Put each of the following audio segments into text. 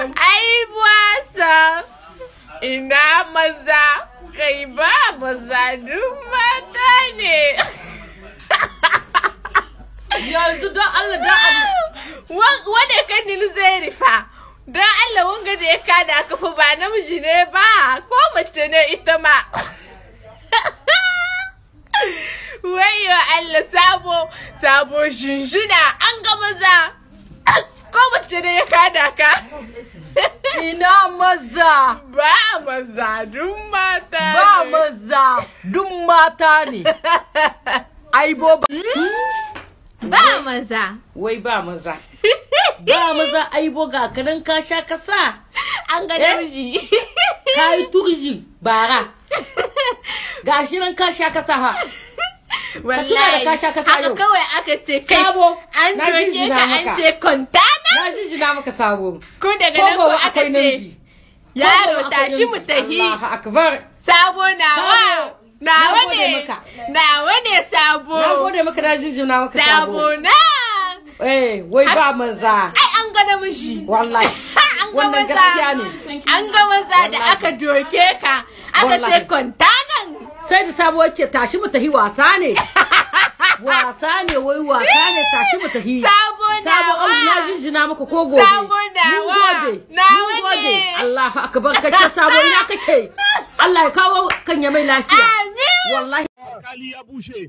ai wasa ina maza kai ba maza duk mata ne yanzu don Allah da wanda ka nilu zai rifa don Allah wanga da ya kada ka fa ba namiji ne ba ko mace ne ita ma wayo Allah sabo sabo shinshina an ga maza makwabci ne ya kada ka ina maza ba maza dun mata ne ba maza dun mata ne ai boba hmm? ba maza wai ba maza ba maza ai ga kanan ka sha ka sa an ga damji eh? ka yi turji bara ga shi nan ka sha ka sa ha wallahi ka sha kawai aka ce kai sabo an doke ka an ce kontana na jijjina maka sabo ko daga nan ko aka ce yaro tashi mu tahi Allahu akbar sabo nawa nawa ne nawa ne sabo na gode maka na jijjina maka sabo sabo na eh wai ba maza ai an ga wallahi an maza da aka doke ka aka ce konta sai da sabuwar ke tashi mu tahi wasa ne wasa ne wai wasa ne tashi mu tahi sabo oh, na sabo an ya jinjina muku ko gobe sabo na wa na gode Allahu akbar kace sabo ina kace Allah ya kawo kan ya mai lafiya amin wallahi alkali ya bushe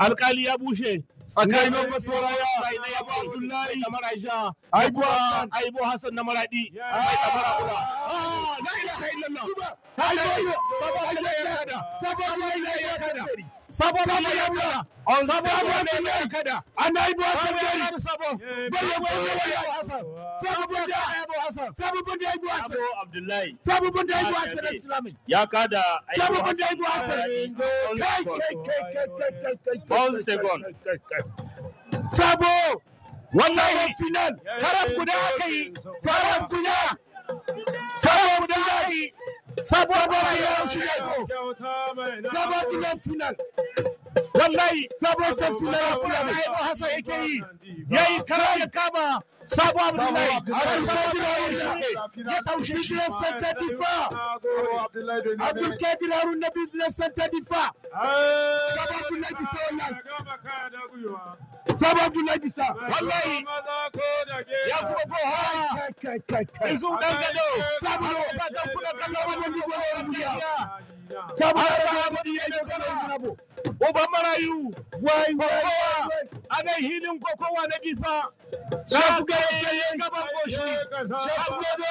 alkali ya bushe tsakanin masoraya abdullahi sabo wannan final guda kai guda kai sabuwa ba sabuwa final wallahi sabuwar final ya ci da ibo hasan yake yi yayi kara ya kama sabu abdullahi akan sabu ya ya business center difa na business center difa sabu abdullahi bisa Sabo Abdullahi bisa. Wallahi. Ya kuma ko ha. dan gado. Sabo ba dan wannan duk wani Sabo ba ya yi marayu. Wai wai. hilin kokowa na difa. Shafu ya